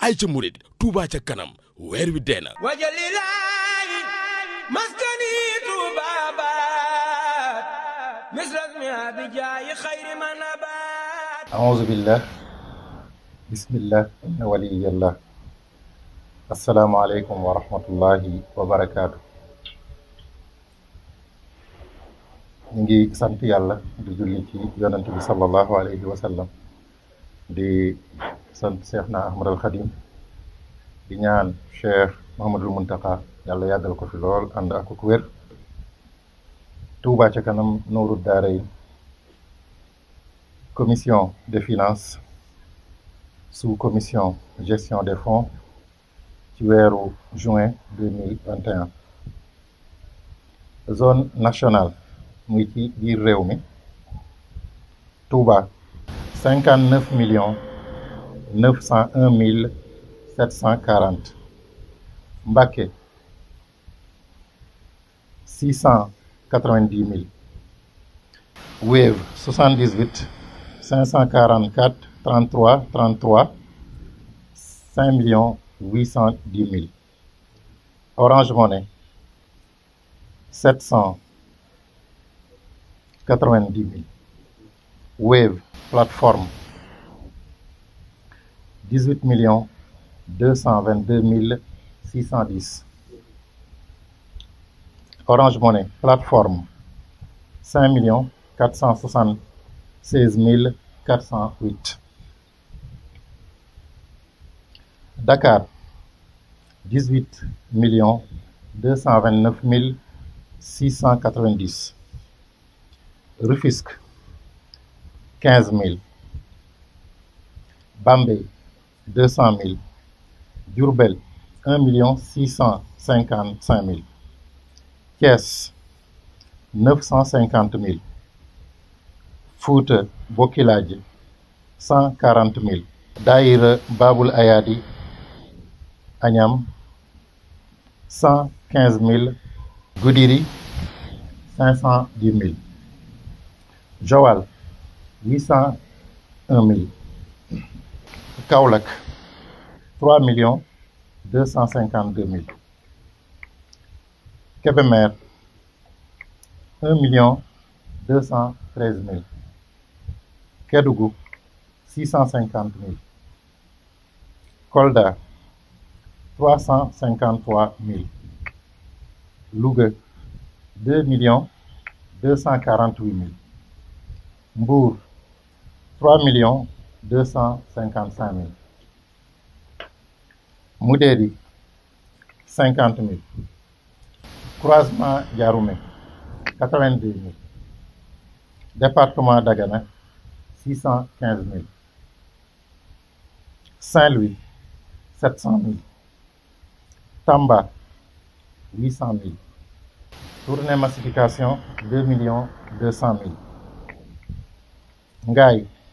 ay ca murit Touba ca kanam weer wi dee na wajalilaayi maskani Touba baat misrasmia bi jaayi xayri man abaat aouzu billah bismillah inna waliyallah assalaamu aleykum ngi sant yàlla di julli bi sallallahu alayhi wa sant Cheikh na Ahmad al Khadim di ñaan Cheikh Mouhamadul Mountakha yàlla yàggal ko fi lool ànd ak ku wér Touba ca kanam Nourou Daaray commission des finances sous commission gestion des fonds ci weeru juin deux mille vingt et un zone nationale muy ci biir réew mi Touba cinquante neuf neuf cent un mille sept cent quarante Mbacké six cent quatre-vingt-dix mille Wave soixante-dix-huit cinq cent quarante-quatre trente-trois trente-trois cinq millions huit cent dix mille Orange Money sept cent quatre-vingt-dix mille Wave plateforme dix-huit millions deux cent vingt-deux mille six cent dix Orange Money plateforme cinq millions quatre cent soixante-seize mille quatre cent huit Dakar dix-huit millions deux cent vingt-neuf mille six cent quatre-vingt-dix Rufisque quinze mille Bambey deux cent mille Diourbel un million cent cinquante cinq cinquante mille Fouta quarante mille Daïra Babul Ayadi Agnam cent quinze mille Goudiri cent dix mille Kaolack trois millions deux cent cinquante deux mille Kébémer un million deux cent treize cent cinquante mille Kolda cinquante trois mille Louga deux millions deux quarante mille Mbour trois millions deux cent cinquante cinq mille Mudéri cinquante mille croisement Diaroumé quatre vingt deux mille département Dagana Saint-Louis sept cent mille Tamba tournée massification deux millions deux cent mille Ngaye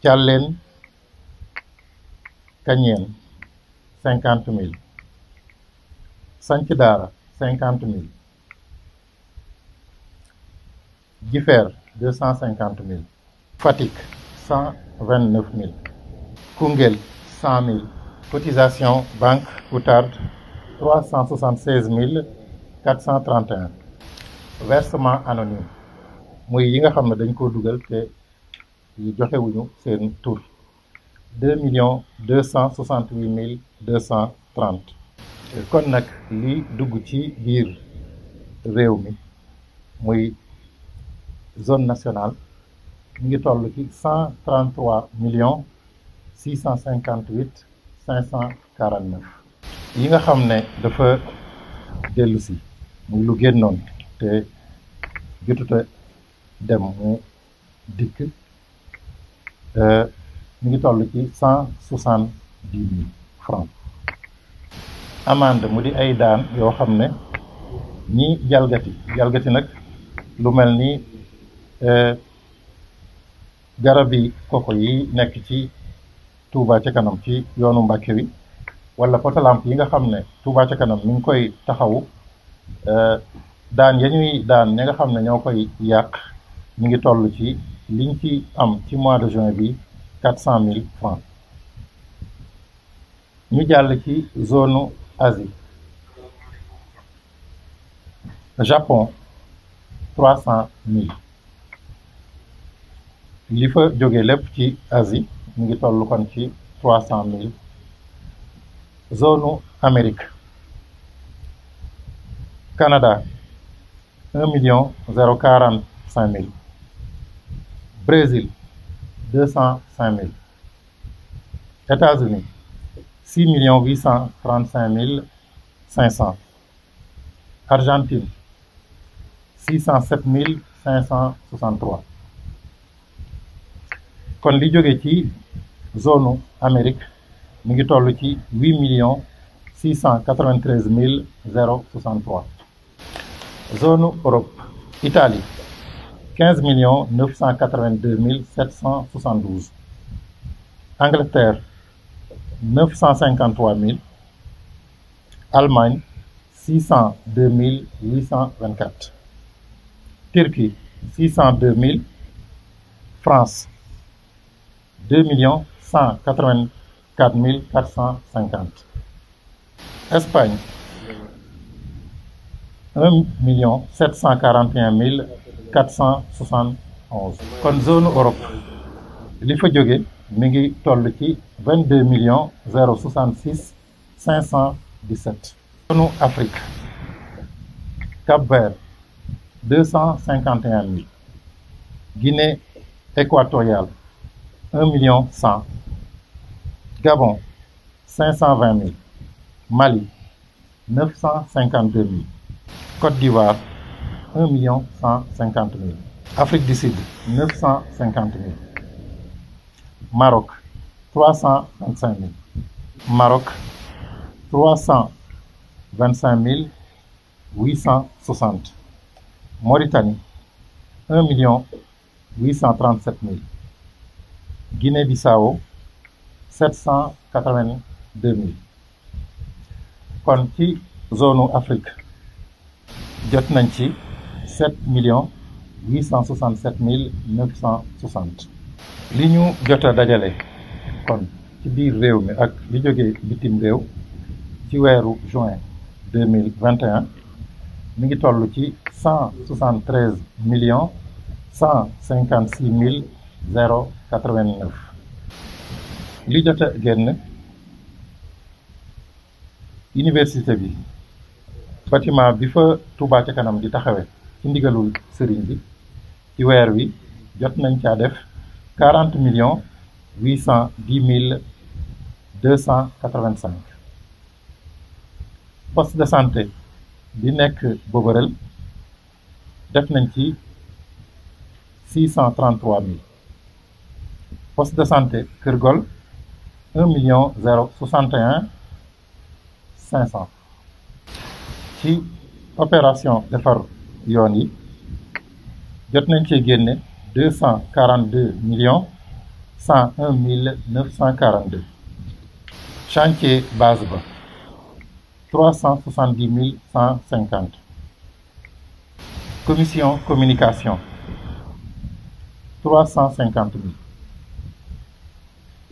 Thialène Kagneen cinquante mille Sanc Daara cinquante mille Jifeer deux cent cinquante mille Fatick cent vingt neuf mille Koungheul cent mille cotisation banque Outarde cent soixante seize mille quatre cent trente versement anonyme muy yi nga xam ne dañ koo dugal te yi joxewuñu seen tur deux millions deux cent soixante mille deux cent trente kon nag li dugg ci biir réew mi muy zone nationale mi ngi toll ci cent trente trois millions cinquante huit cinq cent quarante yi nga xam ne dafa dellu lu génnoon te jotuta dem mu dikk mi ngi toll ci cent soixante dix mille francs amande mu di ay daan yoo xam ne ñi jalgati jalgati nag lu mel ni e, garab yi koko yi nekk ci Touba ca kanam ci yoonu Mbàkke wi wala potalamp yi nga xam ne tuubaa ca kanam mi ngi koy taxawu e, daan ya ñuy daan ñi nga xam ne ñoo koy yàq mi ngi toll ci liñ ci am ci mois de juin bi quatre cent mille francs ñu jàll ci zone Asie Japon trois cent mille li fa jóge lépp ci asi mu ngi toll kon ci trois cent mille zone Amérique Canada un million zéro quarante Brésil deux cent cinq mille États-Unis cent trente mille cinq cents Argentine six cent sept mille cinq cent soixante kon li jóge ci zone Amérique mi ngi toll ci huit millions six cent quatre mille zéro soixante Europe Italie quinze millions neuf cent quatre-vingt-deux mille sept cent soixante-douze Angleterre neuf cent cinquante-trois mille Allemagne six vingt-quatre Turquie six cent deux mille France deux millions cent quatre vingt mille quatre cent cinquante Espagne million sept cent quarante mille quatre cent soixante kon zone Europe li fa jóge mi ngi toll ci vingt deux millions zéro soixante six cinq cent Afrique Cap-Vert cinquante et Guinée équatoriale million cent Gabon cinq Mali Côte d'Ivoire un million cent cinquante Afrique du Sud neuf cent Maroc cent vingt cinq mille Maroc trois mille huit cent soixante million huit cent trente sept mille Guinée-Bissau sept cent kon ci zone Afrique jot nañ ci sept millions huit cent soixante sept mille neuf cent soixante li ñu jot dajale kon ci biir réew mi ak li jóge bitim réew ci weeru juin deux mille mi ngi toll ci cent soixante treize cent cinquante six mille zéro li jot a génn université bi. bâtiment bi fa Touba ca kanam di taxawee ci ndigalul sëriñ bi ci weer wi jot nañ caa def quarante million huit cent dix mille deux cent quatre vingt de santé bi nekk Boborel def nañ ci six cent trente-trois de santé Kër Gol un million zéro soixante un cinq cent ci opération defar yoon yi jot nañ cee génne deux cent quarante deux millions cent un mille neuf cent quarante deux chantier base ba trois cent mille cent cinquante commission communication trois cent cinquante mille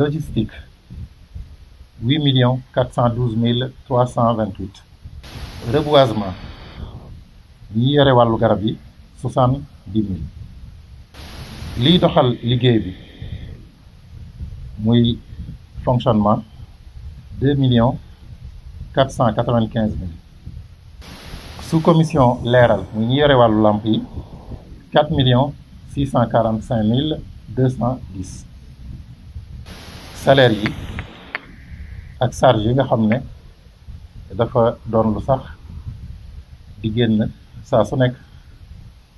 logistique huit millions quatre cent douze mille trois cent vingt huit reboisement ñi yore wàllu garab yi soixante dix mille liy doxal liggéey bi muy fonctionnement deux millions cent quatre vingt quinze mille sous commission leeral mu ñi yore wàllu làmp yi quatre millions six cent quarante cinq mille deux cent dix salaire yi ak charge yi nga xam ne dafa doon lu sax di génn saa su nekk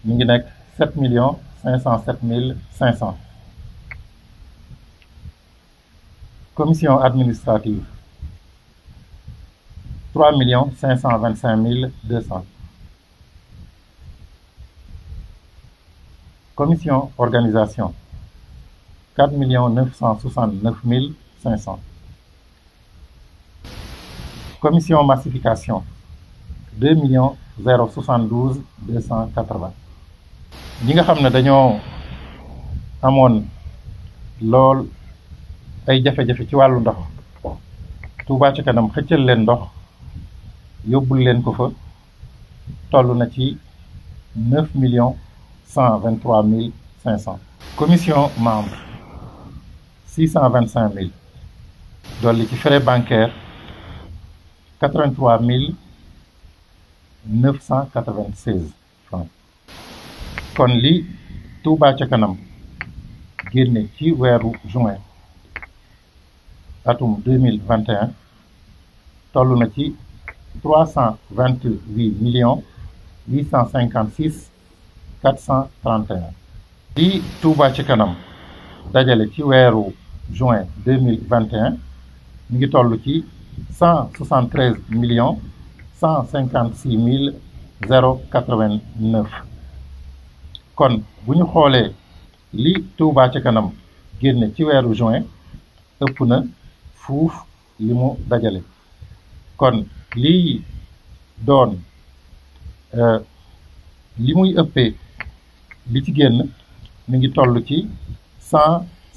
mu ngi nekk sept million cinq cent sept mille cinq cent commission administrative trois millions cinq cent vingt cinq mille deux cent commission organisation quatre millions neuf cent soixante neuf mille cinq cent commission massification deux 0 72 280 ñi nga xam ne dañoo amoon lool ay jafe-jafe ci wàllu ndox Touba ca kanam xëccal leen ndox yóbbul leen ko fa toll na ci 9 millions 123 mille cent commission membre 625 mille dolli ci frais bancaire 83 mille neuf cent quatre kon li Touba ca kanam génne ci weeru juin atum deux mille vingt na ci trois cent vingt-huit millions cent cinquante-six quatre cent trente et li Touba kanam dajale ci weeru juin deux mille vingt ngi toll ci cent soixante cent cinquante six mille zéro quatre vingt neuf kon bu ñu xoolee li Touba ca kanam génn ci weeru juin ëpp na fuuf li mu dajale kon lii doon euh, li muy ëppee li ci génn mi ngi toll ci cent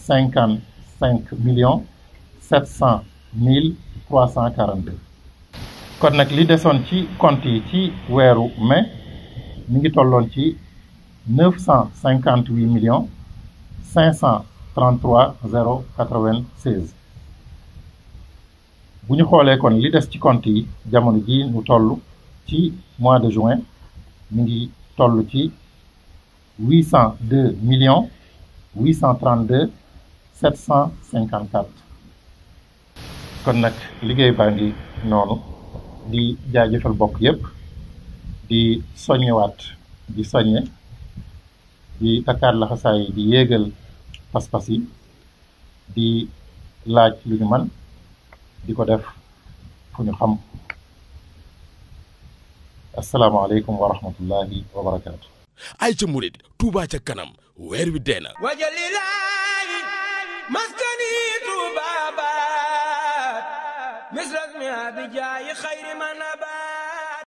cinquante cinq million sept cent mille trois cent quarante deux kon nag li desoon ci compte yi ci weeru mai mi ngi tolloon ci neuf cent cinquante huit millions cinq cent trente trois bu ñu xoolee kon li des ci compte yi jamono ji ñu toll ci mois de juin mi ngi toll ci huit cent deux millions huit cent trente kon nag liggéey baa ngi noonu. di jaajëfal bokk yépp di soññewaat di soññe di takkaat laxasaay di yéegal pas-pas yi di laaj lu ñu man di ko def fu ñu xam asalaamaaleykum wa rahmatullahi wa barakaatu ay ca murid Tuubaa ca kanam weer wi deena wajalilaahi maskani misrasmiha bi jaayi xayri man